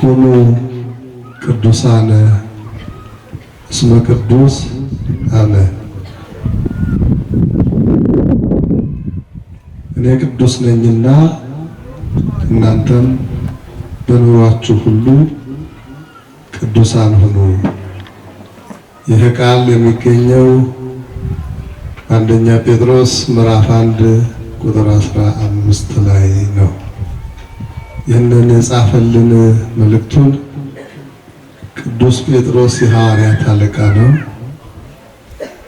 ሁኑ ቅዱሳነ እስመ ቅዱስ አነ። እኔ ቅዱስ ነኝና እናንተም በኑሯችሁ ሁሉ ቅዱሳን ሁኑ። ይህ ቃል የሚገኘው አንደኛ ጴጥሮስ ምዕራፍ አንድ ቁጥር አስራ አምስት ላይ ነው። ይህንን የጻፈልን መልእክቱን ቅዱስ ጴጥሮስ የሐዋርያት አለቃ ነው።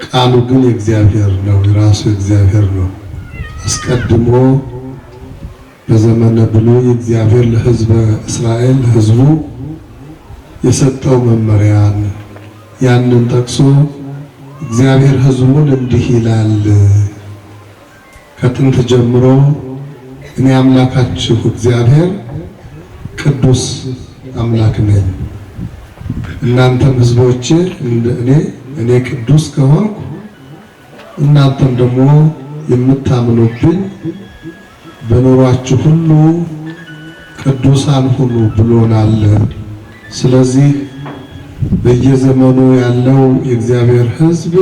ቃሉ ግን የእግዚአብሔር ነው፣ የራሱ እግዚአብሔር ነው። አስቀድሞ በዘመነ ብሉይ እግዚአብሔር ለሕዝበ እስራኤል ሕዝቡ የሰጠው መመሪያን ያንን ጠቅሶ እግዚአብሔር ሕዝቡን እንዲህ ይላል ከጥንት ጀምሮ እኔ አምላካችሁ እግዚአብሔር ቅዱስ አምላክ ነኝ። እናንተም ሕዝቦቼ እኔ እኔ ቅዱስ ከሆንኩ እናንተም ደግሞ የምታምኑብኝ በኑሯችሁ ሁሉ ቅዱሳን ሁኑ ብሎናል። ስለዚህ በየዘመኑ ያለው የእግዚአብሔር ህዝብ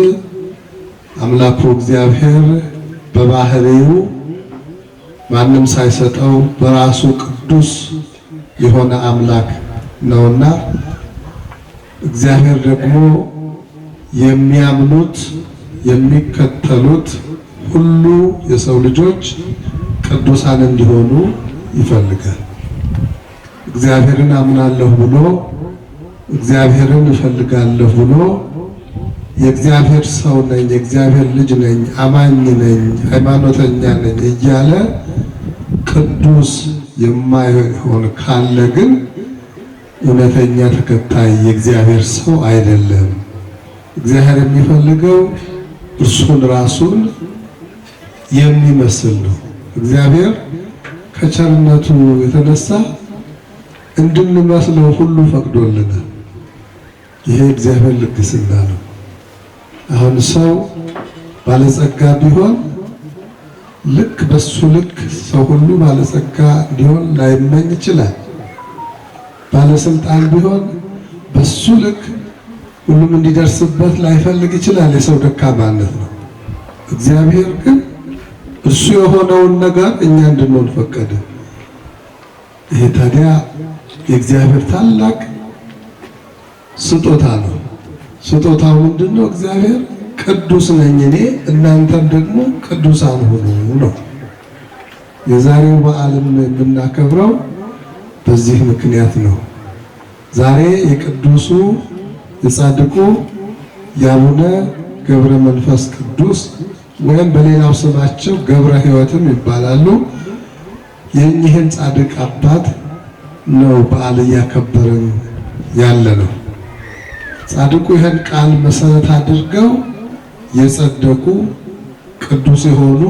አምላኩ እግዚአብሔር በባህሪው ማንም ሳይሰጠው በራሱ ቅዱስ የሆነ አምላክ ነውና እግዚአብሔር ደግሞ የሚያምኑት የሚከተሉት ሁሉ የሰው ልጆች ቅዱሳን እንዲሆኑ ይፈልጋል። እግዚአብሔርን አምናለሁ ብሎ እግዚአብሔርን እፈልጋለሁ ብሎ የእግዚአብሔር ሰው ነኝ፣ የእግዚአብሔር ልጅ ነኝ፣ አማኝ ነኝ፣ ሃይማኖተኛ ነኝ እያለ ቅዱስ የማይሆን ካለ ግን እውነተኛ ተከታይ የእግዚአብሔር ሰው አይደለም። እግዚአብሔር የሚፈልገው እርሱን ራሱን የሚመስል ነው። እግዚአብሔር ከቸርነቱ የተነሳ እንድንመስለው ሁሉ ፈቅዶልናል። ይሄ እግዚአብሔር ልግስና ነው። አሁን ሰው ባለጸጋ ቢሆን ልክ በሱ ልክ ሰው ሁሉ ባለጸጋ እንዲሆን ላይመኝ ይችላል። ባለስልጣን ቢሆን በሱ ልክ ሁሉም እንዲደርስበት ላይፈልግ ይችላል። የሰው ደካማነት ነው። እግዚአብሔር ግን እሱ የሆነውን ነገር እኛ እንድንሆን ፈቀደ። ይሄ ታዲያ የእግዚአብሔር ታላቅ ስጦታ ነው። ስጦታው ምንድን ነው? እግዚአብሔር ቅዱስ ነኝ እኔ እናንተም ደግሞ ቅዱሳን ሁኑ ነው። የዛሬው በዓልም የምናከብረው በዚህ ምክንያት ነው። ዛሬ የቅዱሱ የጻድቁ የአቡነ ገብረ መንፈስ ቅዱስ ወይም በሌላው ስማቸው ገብረ ሕይወትም ይባላሉ የእኚህን ጻድቅ አባት ነው በዓል እያከበርን ያለ ነው። ጻድቁ ይህን ቃል መሰረት አድርገው የጸደቁ ቅዱስ የሆኑ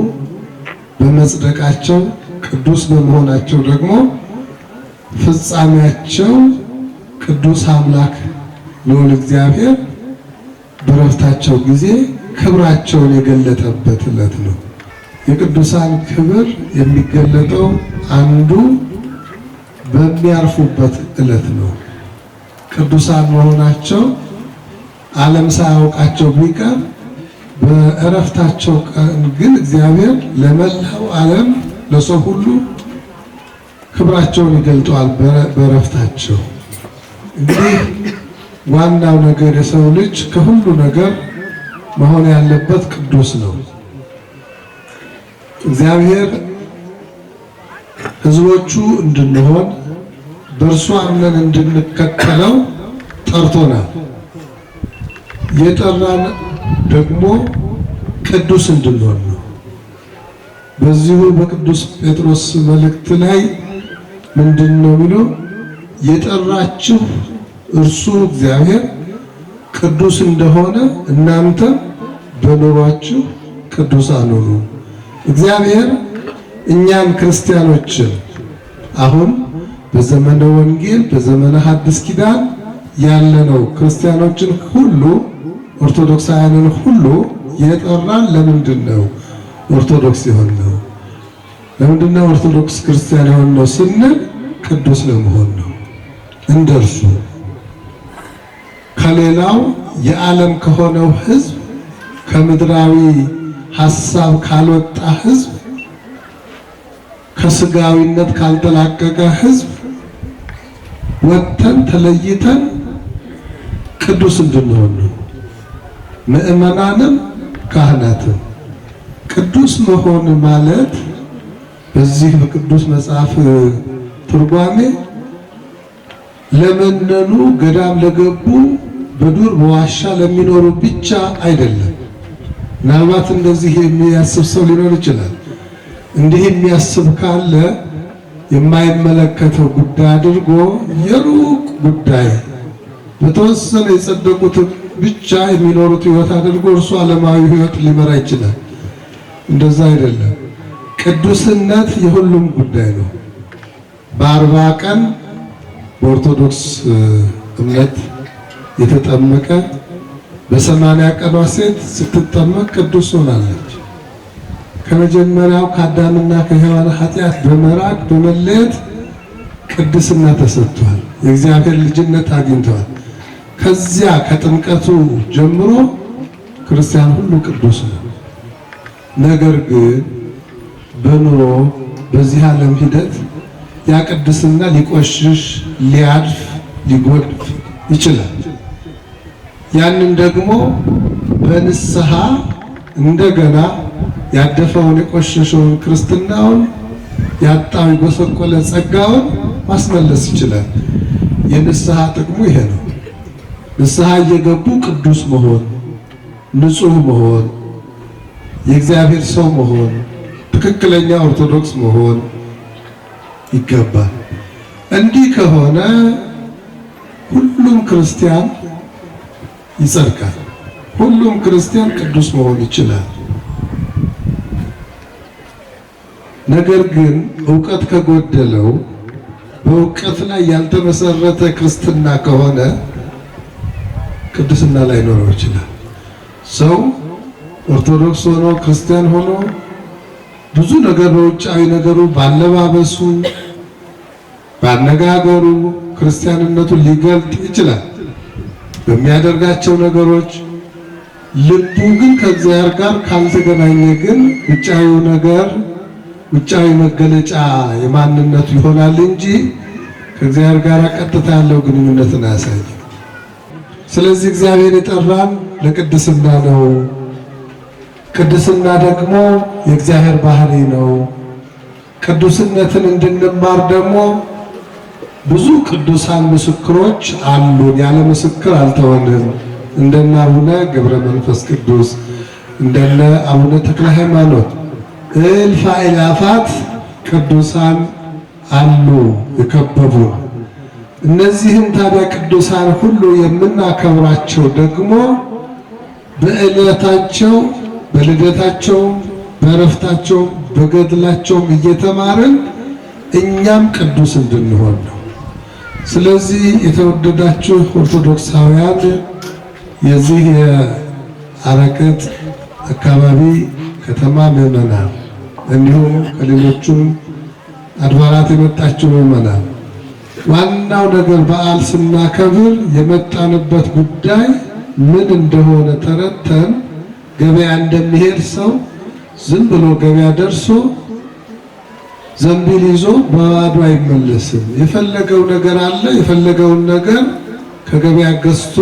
በመጽደቃቸው ቅዱስ በመሆናቸው ደግሞ ፍጻሜያቸው ቅዱስ አምላክ ልዑል እግዚአብሔር በረፍታቸው ጊዜ ክብራቸውን የገለጠበት ዕለት ነው። የቅዱሳን ክብር የሚገለጠው አንዱ በሚያርፉበት ዕለት ነው። ቅዱሳን መሆናቸው ዓለም ሳያውቃቸው ቢቀር በእረፍታቸው ቀን ግን እግዚአብሔር ለመላው ዓለም ለሰው ሁሉ ክብራቸውን ይገልጠዋል። በእረፍታቸው እንግዲህ ዋናው ነገር የሰው ልጅ ከሁሉ ነገር መሆን ያለበት ቅዱስ ነው። እግዚአብሔር ሕዝቦቹ እንድንሆን በእርሱ አምነን እንድንከተለው ጠርቶናል። የጠራን ደግሞ ቅዱስ እንድንሆን ነው። በዚሁ በቅዱስ ጴጥሮስ መልእክት ላይ ምንድን ነው የሚለው? የጠራችሁ እርሱ እግዚአብሔር ቅዱስ እንደሆነ እናንተ በኑሯችሁ ቅዱስ ሁኑ። እግዚአብሔር እኛን ክርስቲያኖችን አሁን በዘመነ ወንጌል በዘመነ ሐዲስ ኪዳን ያለነው ክርስቲያኖችን ሁሉ ኦርቶዶክሳውያንን ሁሉ የጠራን ለምንድን ነው? ኦርቶዶክስ የሆን ነው። ለምንድን ነው ኦርቶዶክስ ክርስቲያን የሆን ነው ስንል ቅዱስ ለመሆን ነው። እንደርሱ ከሌላው የዓለም ከሆነው ህዝብ ከምድራዊ ሀሳብ ካልወጣ ህዝብ ከስጋዊነት ካልተላቀቀ ህዝብ ወጥተን ተለይተን ቅዱስ እንድንሆን ነው። ምእመናንም ካህናትም። ቅዱስ መሆን ማለት በዚህ በቅዱስ መጽሐፍ ትርጓሜ ለመነኑ ገዳም ለገቡ በዱር በዋሻ ለሚኖሩ ብቻ አይደለም። ምናልባት እንደዚህ የሚያስብ ሰው ሊኖር ይችላል። እንዲህ የሚያስብ ካለ የማይመለከተው ጉዳይ አድርጎ የሩቅ ጉዳይ በተወሰነ የጸደቁትን ብቻ የሚኖሩት ህይወት አድርጎ እርሱ ዓለማዊ ህይወት ሊመራ ይችላል። እንደዛ አይደለም። ቅዱስነት የሁሉም ጉዳይ ነው። በአርባ ቀን በኦርቶዶክስ እምነት የተጠመቀ በሰማንያ ቀኗ ሴት ስትጠመቅ ቅዱስ ሆናለች። ከመጀመሪያው ከአዳምና ከሔዋን ኃጢአት በመራቅ በመለየት ቅድስና ተሰጥቷል። የእግዚአብሔር ልጅነት አግኝተዋል። ከዚያ ከጥምቀቱ ጀምሮ ክርስቲያን ሁሉ ቅዱስ ነው። ነገር ግን በኑሮ በዚህ ዓለም ሂደት ያ ቅድስና ሊቆሽሽ፣ ሊያድፍ፣ ሊጎድፍ ይችላል። ያንን ደግሞ በንስሐ እንደገና ያደፈውን የቆሸሸውን ክርስትናውን ያጣው የጎሰቆለ ጸጋውን ማስመለስ ይችላል። የንስሐ ጥቅሙ ይሄ ነው። ንስሐ እየገቡ ቅዱስ መሆን፣ ንጹሕ መሆን፣ የእግዚአብሔር ሰው መሆን፣ ትክክለኛ ኦርቶዶክስ መሆን ይገባል። እንዲህ ከሆነ ሁሉም ክርስቲያን ይጸድቃል። ሁሉም ክርስቲያን ቅዱስ መሆን ይችላል። ነገር ግን እውቀት ከጎደለው በእውቀት ላይ ያልተመሰረተ ክርስትና ከሆነ ቅድስና ላይኖረው ይችላል። ሰው ኦርቶዶክስ ሆኖ ክርስቲያን ሆኖ ብዙ ነገር በውጫዊ ነገሩ፣ ባለባበሱ፣ ባነጋገሩ ክርስቲያንነቱን ሊገልጥ ይችላል በሚያደርጋቸው ነገሮች። ልቡ ግን ከእግዚአብሔር ጋር ካልተገናኘ ግን ውጫዊው ነገር ውጫዊ መገለጫ የማንነቱ ይሆናል እንጂ ከእግዚአብሔር ጋር ቀጥታ ያለው ግንኙነትን አያሳይም። ስለዚህ እግዚአብሔር የጠራን ለቅድስና ነው። ቅድስና ደግሞ የእግዚአብሔር ባህሪ ነው። ቅዱስነትን እንድንማር ደግሞ ብዙ ቅዱሳን ምስክሮች አሉን። ያለ ምስክር አልተወንም። እንደነ አቡነ ገብረ መንፈስ ቅዱስ እንደነ አቡነ ተክለ ሃይማኖት እልፍ አእላፋት ቅዱሳን አሉ የከበቡ እነዚህን ታዲያ ቅዱሳን ሁሉ የምናከብራቸው ደግሞ በዕለታቸው በልደታቸውም በእረፍታቸውም በገድላቸውም እየተማርን እኛም ቅዱስ እንድንሆን ነው። ስለዚህ የተወደዳችሁ ኦርቶዶክሳውያን የዚህ የአረቅጥ አካባቢ ከተማ ምዕመናን እንዲሁም ከሌሎቹም አድባራት የመጣችሁ ምዕመናን ዋናው ነገር በዓል ስናከብር የመጣንበት ጉዳይ ምን እንደሆነ ተረተን ገበያ እንደሚሄድ ሰው ዝም ብሎ ገበያ ደርሶ ዘንቢል ይዞ በባዶ አይመለስም። የፈለገው ነገር አለ። የፈለገውን ነገር ከገበያ ገዝቶ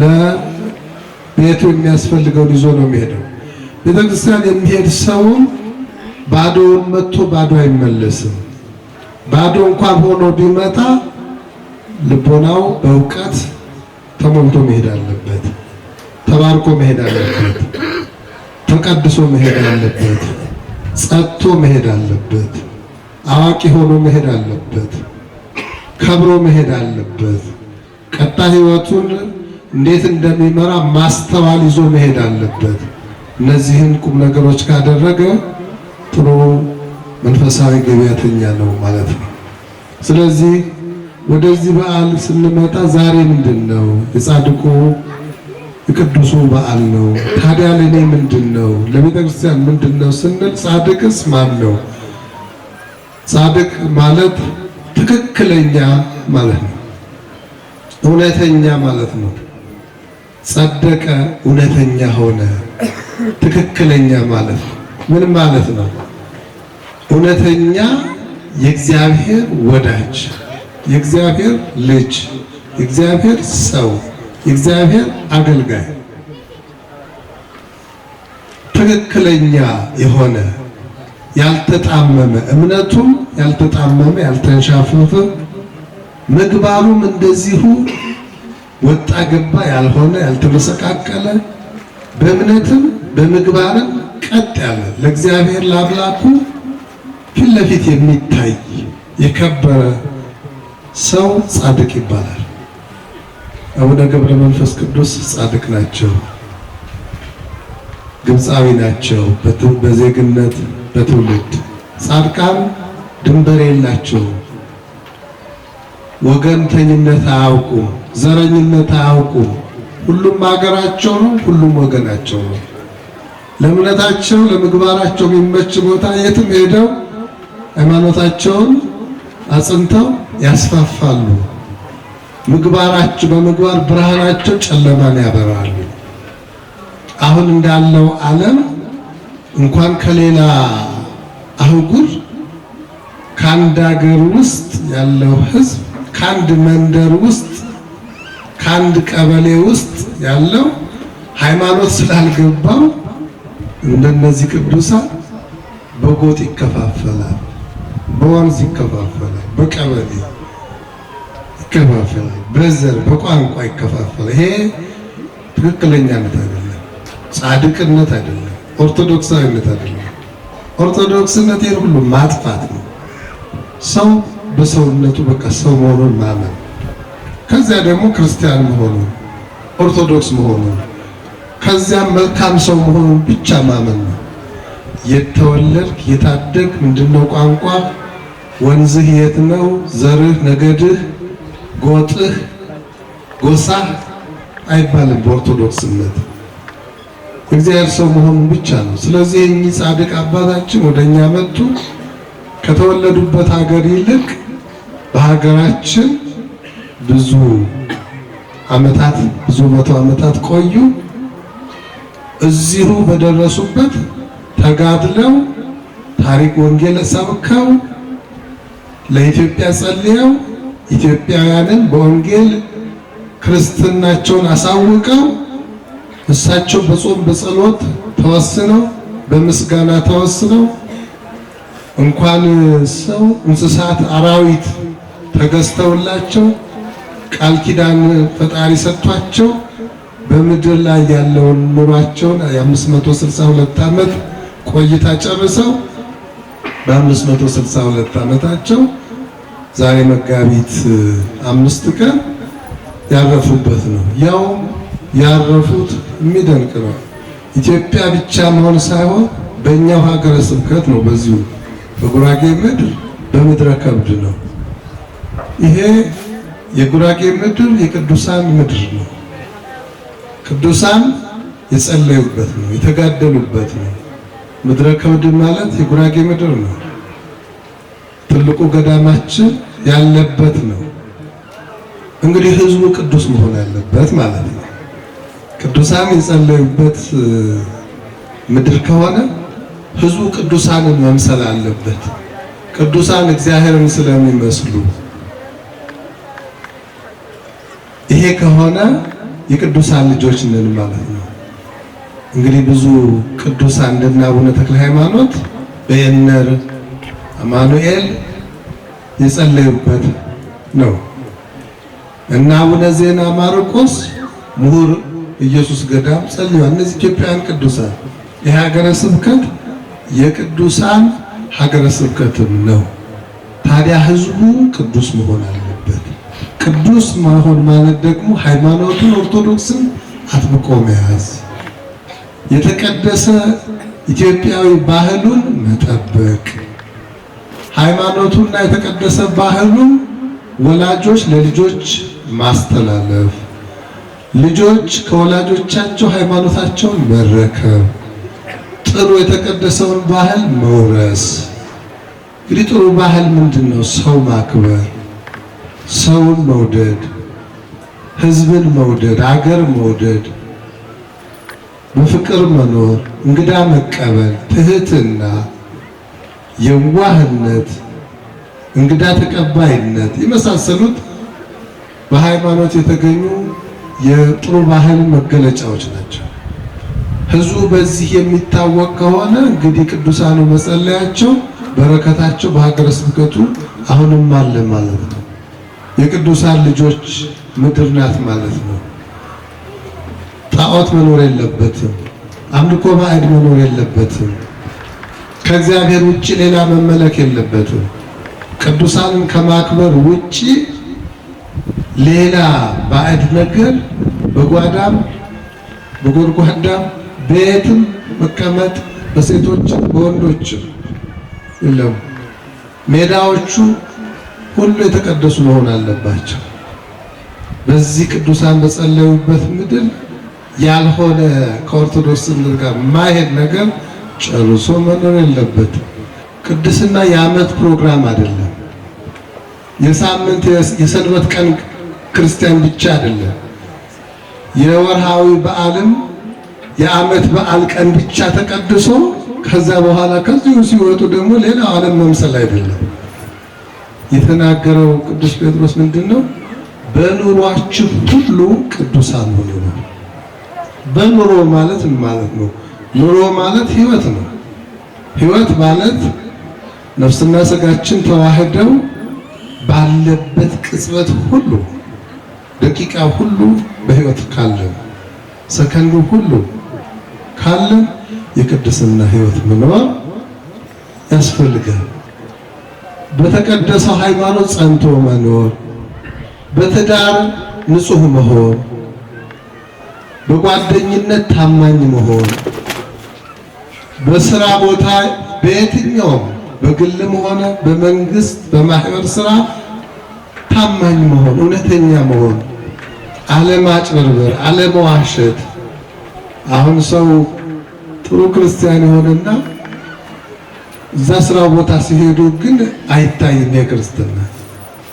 ለቤቱ የሚያስፈልገውን ይዞ ነው የሚሄደው። ቤተክርስቲያን የሚሄድ ሰውም ባዶውን መጥቶ ባዶ አይመለስም። ባዶ እንኳን ሆኖ ቢመጣ ልቦናው በእውቀት ተሞልቶ መሄድ አለበት። ተባርኮ መሄድ አለበት። ተቀድሶ መሄድ አለበት። ጸጥቶ መሄድ አለበት። አዋቂ ሆኖ መሄድ አለበት። ከብሮ መሄድ አለበት። ቀጣይ ህይወቱን እንዴት እንደሚመራ ማስተዋል ይዞ መሄድ አለበት። እነዚህን ቁም ነገሮች ካደረገ ጥሩ መንፈሳዊ ገበያተኛ ነው ማለት ነው። ስለዚህ ወደዚህ በዓል ስንመጣ ዛሬ ምንድን ነው? የጻድቁ የቅዱሱ በዓል ነው። ታዲያ ለእኔ ምንድን ነው? ለቤተ ክርስቲያን ምንድን ነው ስንል ጻድቅስ ማን ነው? ጻድቅ ማለት ትክክለኛ ማለት ነው። እውነተኛ ማለት ነው። ጸደቀ፣ እውነተኛ ሆነ፣ ትክክለኛ ማለት ነው። ምን ማለት ነው? እውነተኛ የእግዚአብሔር ወዳጅ፣ የእግዚአብሔር ልጅ፣ የእግዚአብሔር ሰው፣ የእግዚአብሔር አገልጋይ ትክክለኛ የሆነ ያልተጣመመ እምነቱም ያልተጣመመ ያልተንሻፈፈ ምግባሩም እንደዚሁ ወጣ ገባ ያልሆነ ያልተመሰቃቀለ በእምነትም በምግባርም ቀጥ ያለ ለእግዚአብሔር ለአምላኩ ፊት ለፊት የሚታይ የከበረ ሰው ጻድቅ ይባላል። አቡነ ገብረ መንፈስ ቅዱስ ጻድቅ ናቸው። ግብፃዊ ናቸው። በዜግነት በትውልድ ጻድቃን ድንበር የላቸው። ወገንተኝነት አያውቁም። ዘረኝነት አያውቁም። ሁሉም ሀገራቸው ነው። ሁሉም ወገናቸው ነው። ለእምነታቸው ለምግባራቸው የሚመች ቦታ የትም ሄደው ሃይማኖታቸውን አጽንተው ያስፋፋሉ። ምግባራቸው በምግባር ብርሃናቸው ጨለማን ያበራሉ። አሁን እንዳለው ዓለም እንኳን ከሌላ አህጉር ከአንድ ሀገር ውስጥ ያለው ህዝብ ከአንድ መንደር ውስጥ ከአንድ ቀበሌ ውስጥ ያለው ሃይማኖት ስላልገባው እንደነዚህ ቅዱሳን በጎጥ ይከፋፈላል። በወንዝ ይከፋፈላል፣ በቀበሌ ይከፋፈላል፣ በዘር በቋንቋ ይከፋፈላል። ይሄ ትክክለኛነት አይደለም፣ ጻድቅነት አይደለም፣ ኦርቶዶክሳዊነት አይደለም። ኦርቶዶክስነት ይሄን ሁሉ ማጥፋት ነው። ሰው በሰውነቱ በቃ ሰው መሆኑን ማመን፣ ከዚያ ደግሞ ክርስቲያን መሆኑን ኦርቶዶክስ መሆኑን ከዚያም መልካም ሰው መሆኑን ብቻ ማመን ነው። የተወለድክ የታደግ ምንድነው ቋንቋ ወንዝህ የት ነው? ዘርህ፣ ነገድህ፣ ጎጥህ፣ ጎሳህ አይባልም። በኦርቶዶክስ በኦርቶዶክስነት እግዚአብሔር ሰው መሆኑን ብቻ ነው። ስለዚህ እኚህ ጻድቅ አባታችን ወደኛ እኛ መጡ። ከተወለዱበት ሀገር ይልቅ በሀገራችን ብዙ ዓመታት ብዙ መቶ ዓመታት ቆዩ። እዚሁ በደረሱበት ተጋድለው ታሪክ ወንጌል ሰብከው ለኢትዮጵያ ጸልየው ኢትዮጵያውያንን በወንጌል ክርስትናቸውን አሳውቀው እሳቸው በጾም በጸሎት ተወስነው በምስጋና ተወስነው እንኳን ሰው እንስሳት፣ አራዊት ተገዝተውላቸው ቃል ኪዳን ፈጣሪ ሰጥቷቸው በምድር ላይ ያለውን ኑሯቸውን የ562 ዓመት ቆይታ ጨርሰው በ562 ዓመታቸው ዛሬ መጋቢት አምስት ቀን ያረፉበት ነው። ያው ያረፉት የሚደንቅ ነው። ኢትዮጵያ ብቻ መሆን ሳይሆን በእኛው ሀገረ ስብከት ነው። በዚሁ በጉራጌ ምድር በምድረ ከብድ ነው። ይሄ የጉራጌ ምድር የቅዱሳን ምድር ነው። ቅዱሳን የጸለዩበት ነው፣ የተጋደሉበት ነው። ምድረ ከብድ ማለት የጉራጌ ምድር ነው። ትልቁ ገዳማችን ያለበት ነው። እንግዲህ ህዝቡ ቅዱስ መሆን ያለበት ማለት ነው። ቅዱሳን የጸለዩበት ምድር ከሆነ ህዝቡ ቅዱሳንን መምሰል አለበት። ቅዱሳን እግዚአብሔርን ስለሚመስሉ ይሄ ከሆነ የቅዱሳን ልጆች ነን ማለት ነው። እንግዲህ ብዙ ቅዱሳን እንደነ አቡነ ተክለ ሃይማኖት በየነር አማኑኤል የጸለዩበት ነው እና አቡነ ዜና ማርቆስ ምሁር ኢየሱስ ገዳም ጸልዩ። እነዚህ ኢትዮጵያውያን ቅዱሳን ይህ ሀገረ ስብከት የቅዱሳን ሀገረ ስብከትም ነው። ታዲያ ህዝቡ ቅዱስ መሆን አለበት። ቅዱስ መሆን ማለት ደግሞ ሃይማኖቱን ኦርቶዶክስን አጥብቆ መያዝ የተቀደሰ ኢትዮጵያዊ ባህሉን መጠበቅ ሃይማኖቱና የተቀደሰ ባህሉን ወላጆች ለልጆች ማስተላለፍ፣ ልጆች ከወላጆቻቸው ሃይማኖታቸውን መረከብ፣ ጥሩ የተቀደሰውን ባህል መውረስ። እንግዲህ ጥሩ ባህል ምንድን ነው? ሰው ማክበር፣ ሰውን መውደድ፣ ህዝብን መውደድ፣ አገር መውደድ በፍቅር መኖር፣ እንግዳ መቀበል፣ ትህትና፣ የዋህነት፣ እንግዳ ተቀባይነት የመሳሰሉት በሃይማኖት የተገኙ የጥሩ ባህል መገለጫዎች ናቸው። ህዝቡ በዚህ የሚታወቅ ከሆነ እንግዲህ ቅዱሳኑ መጸለያቸው በረከታቸው በሀገረ ስብከቱ አሁንም አለ ማለት ነው። የቅዱሳን ልጆች ምድር ናት ማለት ነው። ጣዖት መኖር የለበትም። አምልኮ ማዕድ መኖር የለበትም። ከእግዚአብሔር ውጭ ሌላ መመለክ የለበትም። ቅዱሳንን ከማክበር ውጭ ሌላ ባዕድ ነገር በጓዳም በጎድጓዳም ቤትም መቀመጥ በሴቶችም በወንዶችም የለም። ሜዳዎቹ ሁሉ የተቀደሱ መሆን አለባቸው። በዚህ ቅዱሳን በጸለዩበት ምድር ያልሆነ ከኦርቶዶክስ እምነት ጋር ማሄድ ነገር ጨርሶ መኖር የለበትም። ቅድስና የዓመት ፕሮግራም አይደለም። የሳምንት የሰንበት ቀን ክርስቲያን ብቻ አይደለም። የወርሃዊ በዓልም የዓመት በዓል ቀን ብቻ ተቀድሶ ከዛ በኋላ ከዚሁ ሲወጡ ደግሞ ሌላ ዓለም መምሰል አይደለም። የተናገረው ቅዱስ ጴጥሮስ ምንድን ነው? በኑሯችሁ ሁሉ ቅዱሳን ሁኑ ነው። በኑሮ ማለት ማለት ነው። ኑሮ ማለት ህይወት ነው። ህይወት ማለት ነፍስና ስጋችን ተዋህደው ባለበት ቅጽበት ሁሉ ደቂቃ ሁሉ በህይወት ካለን ሰከንዱ ሁሉ ካለን የቅድስና ህይወት መኖር ያስፈልጋል። በተቀደሰው ሃይማኖት ጸንቶ መኖር፣ በትዳር ንጹህ መሆን በጓደኝነት ታማኝ መሆን፣ በስራ ቦታ በየትኛውም በግልም ሆነ በመንግስት በማህበር ስራ ታማኝ መሆን፣ እውነተኛ መሆን፣ አለማጭበርበር፣ አለመዋሸት። አሁን ሰው ጥሩ ክርስቲያን የሆነና እዛ ስራ ቦታ ሲሄዱ ግን አይታይም። የክርስትና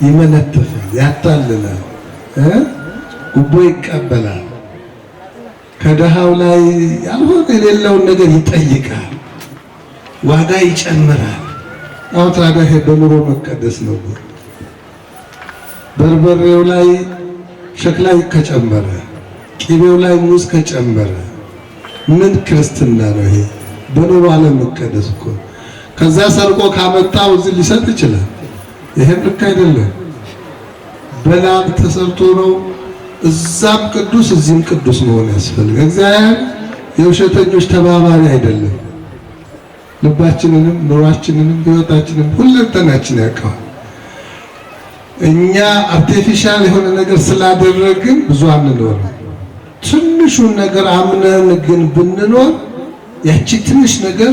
ይመነተፋል፣ ያታልላል፣ ጉቦ ይቀበላል። ከድሃው ላይ ያልሆነ የሌለውን ነገር ይጠይቃል፣ ዋጋ ይጨምራል። አሁ ታዲያ ሄዶ መቀደስ ነው። በርበሬው ላይ ሸክላ ከጨመረ፣ ቂቤው ላይ ሙዝ ከጨመረ ምን ክርስትና ነው ይሄ? በኑሮ አለመቀደስ እኮ ከዛ ሰርቆ ካመጣው እዚህ ሊሰጥ ይችላል። ይሄም ልክ አይደለም። በላብ ተሰርቶ ነው እዛም ቅዱስ እዚህም ቅዱስ መሆን ያስፈልጋል። እግዚአብሔር የውሸተኞች ተባባሪ አይደለም። ልባችንንም ኑሯችንንም ሕይወታችንም ሁለንተናችን ያውቀዋል። እኛ አርቴፊሻል የሆነ ነገር ስላደረግን ብዙ አንኖርም። ትንሹን ነገር አምነን ግን ብንኖር ያቺ ትንሽ ነገር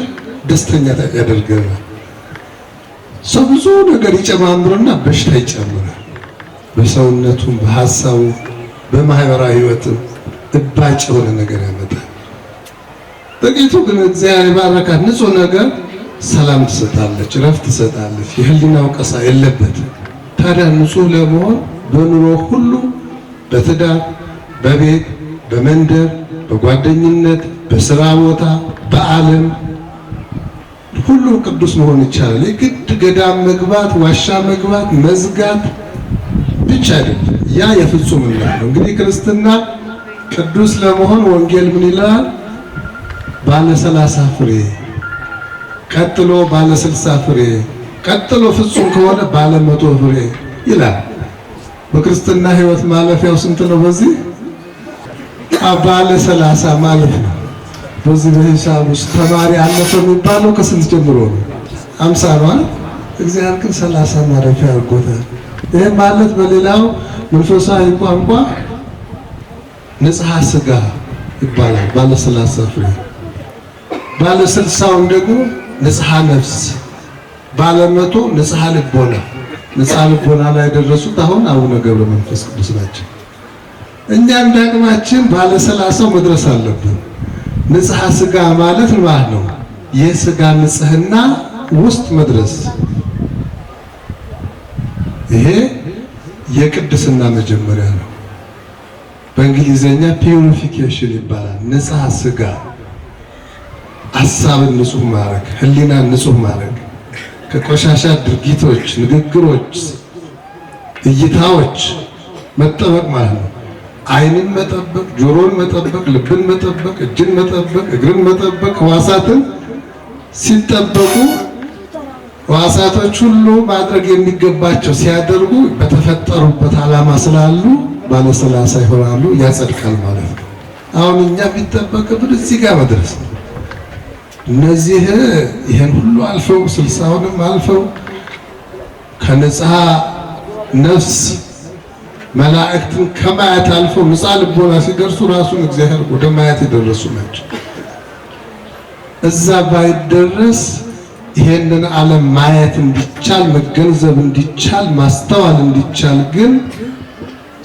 ደስተኛ ያደርገናል። ሰው ብዙ ነገር ይጨማምርና በሽታ ይጨምራል፣ በሰውነቱም በሀሳቡም በማህበራዊ ህይወት እባጭ የሆነ ነገር ያመጣል። ጥቂቱ ግን እግዚአብሔር ባረካት ንጹህ ነገር ሰላም ትሰጣለች፣ ረፍት ትሰጣለች። የህሊናው ቀሳ የለበትም። ታዲያ ንጹህ ለመሆን በኑሮ ሁሉ በትዳር፣ በቤት፣ በመንደር፣ በጓደኝነት፣ በስራ ቦታ፣ በዓለም ሁሉ ቅዱስ መሆን ይቻላል። የግድ ገዳም መግባት፣ ዋሻ መግባት፣ መዝጋት ብቻ አይደለም። ያ የፍጹም እምነት ነው። እንግዲህ ክርስትና ቅዱስ ለመሆን ወንጌል ምን ይላል? ባለ ሰላሳ ፍሬ ቀጥሎ ባለ ስልሳ ፍሬ ቀጥሎ ፍጹም ከሆነ ባለ መቶ ፍሬ ይላል። በክርስትና ህይወት ማለፊያው ስንት ነው? በዚህ ባለ ሰላሳ ማለፍ ነው። በዚህ በሂሳብ ውስጥ ተማሪ አለፈ የሚባለው ከስንት ጀምሮ ነው? አምሳ ነው። እግዚአብሔር ግን ሰላሳ ማረፊያ አድርጎታል። ይህ ማለት በሌላው መንፈሳዊ ቋንቋ ንጽሐ ስጋ ይባላል። ባለ ሰላሳ ፍሬ፣ ባለ ስልሳውን ደግሞ ንጽሐ ነፍስ፣ ባለ መቶ ንጽሐ ልቦና። ንጽሐ ልቦና ላይ የደረሱት አሁን አቡነ ገብረ መንፈስ ቅዱስ ናቸው። እኛ እንዳቅማችን ባለ ሰላሳው መድረስ አለብን። ንጽሐ ስጋ ማለት ማለት ነው የስጋ ንጽህና ውስጥ መድረስ ይሄ የቅድስና መጀመሪያ ነው። በእንግሊዘኛ ፒዩሪፊኬሽን ይባላል። ንጽሐ ስጋ ሀሳብን ንጹህ ማድረግ፣ ህሊናን ንጹህ ማድረግ ከቆሻሻ ድርጊቶች፣ ንግግሮች፣ እይታዎች መጠበቅ ማለት ነው። አይንን መጠበቅ፣ ጆሮን መጠበቅ፣ ልብን መጠበቅ፣ እጅን መጠበቅ፣ እግርን መጠበቅ ህዋሳትን ሲጠበቁ ሕዋሳቶች ሁሉ ማድረግ የሚገባቸው ሲያደርጉ በተፈጠሩበት ዓላማ ስላሉ ባለሰላሳ ይሆናሉ፣ ያጸድቃል ማለት ነው። አሁን እኛ የሚጠበቅብን እዚህ ጋር መድረስ ነው። እነዚህ ይህን ሁሉ አልፈው ስልሳውንም አልፈው ከንጽሐ ነፍስ መላእክትን ከማየት አልፈው ንጽሐ ልቦና ሲደርሱ ራሱን እግዚአብሔር ወደ ማየት የደረሱ ናቸው። እዛ ባይደረስ ይሄንን ዓለም ማየት እንዲቻል መገንዘብ እንዲቻል ማስተዋል እንዲቻል ግን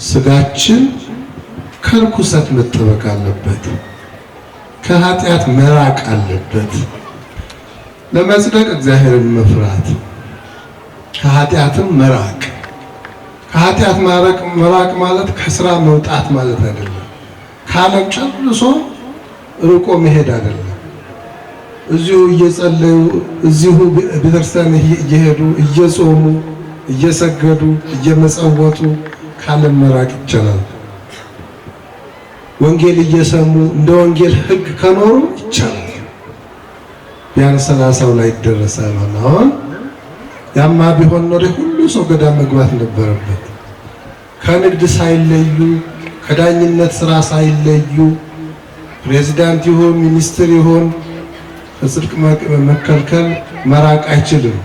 ስጋችን ከርኩሰት መጠበቅ አለበት፣ ከኃጢአት መራቅ አለበት። ለመጽደቅ እግዚአብሔርን መፍራት፣ ከኃጢአትም መራቅ። ከኃጢአት መራቅ ማለት ከስራ መውጣት ማለት አይደለም። ከዓለም ጨርሶ ርቆ መሄድ አይደለም። እዚሁ እየጸለዩ እዚሁ ቤተክርስቲያን እየሄዱ እየጾሙ እየሰገዱ እየመጸወቱ ከዓለም መራቅ ይቻላል። ወንጌል እየሰሙ እንደ ወንጌል ሕግ ከኖሩ ይቻላል። ቢያን ሰላሳው ላይ ይደረሳል። አሁን ያማ ቢሆን ኖሮ ሁሉ ሰው ገዳም መግባት ነበረበት። ከንግድ ሳይለዩ ከዳኝነት ስራ ሳይለዩ ፕሬዚዳንት ይሁን ሚኒስትር ይሁን ከጽድቅ መከልከል መራቅ አይችልም።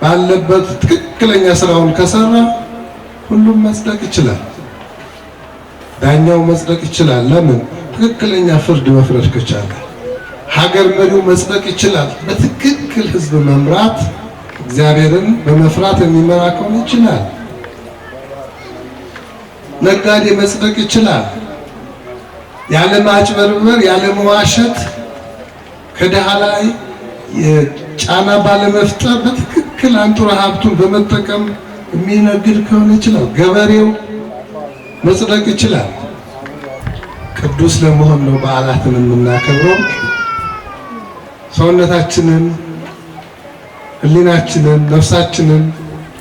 ባለበት ትክክለኛ ስራውን ከሰራ ሁሉም መጽደቅ ይችላል። ዳኛው መጽደቅ ይችላል። ለምን? ትክክለኛ ፍርድ መፍረድ ከቻለ። ሀገር መሪው መጽደቅ ይችላል። በትክክል ህዝብ መምራት እግዚአብሔርን በመፍራት የሚመራ ከሆነ ይችላል። ነጋዴ መጽደቅ ይችላል። ያለ ማጭበርበር፣ ያለ መዋሸት ከድሃ ላይ ጫና ባለመፍጠር በትክክል አንጡራ ሀብቱን በመጠቀም የሚነግድ ከሆነ ይችላል። ገበሬው መጽደቅ ይችላል። ቅዱስ ለመሆን ነው በዓላትን የምናከብረው። ሰውነታችንን፣ ህሊናችንን ነፍሳችንን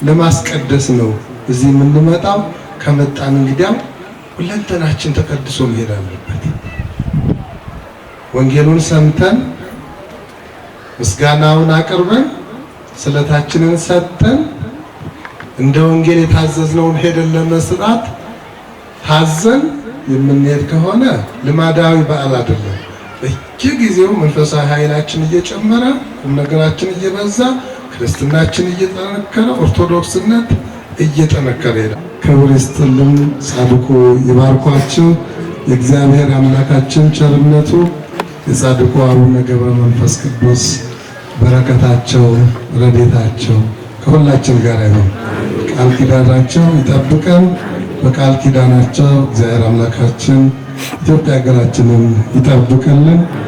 ለማስቀደስ ነው እዚህ የምንመጣው። ከመጣን እንግዲያው ሁለንተናችን ተቀድሶ መሄድ አለበት። ወንጌሉን ሰምተን ምስጋናውን አቅርበን ስለታችንን ሰጠን እንደ ወንጌል የታዘዝነውን ሄደን ለመስራት ታዘን የምንሄድ ከሆነ ልማዳዊ በዓል አይደለም። በየጊዜው መንፈሳዊ ኃይላችን እየጨመረ ቁም ነገራችን እየበዛ ክርስትናችን እየጠነከረ ኦርቶዶክስነት እየጠነከረ ይላል። ክብር ይስጥልን። ጻድቁ ይባርኳቸው። የእግዚአብሔር አምላካችን ቸርነቱ የጻድቁ አቡነ ገብረ መንፈስ ቅዱስ በረከታቸው ረዴታቸው ከሁላችን ጋር ይሁን። ቃል ኪዳናቸው ይጠብቀን። በቃል ኪዳናቸው እግዚአብሔር አምላካችን ኢትዮጵያ ሀገራችንን ይጠብቅልን።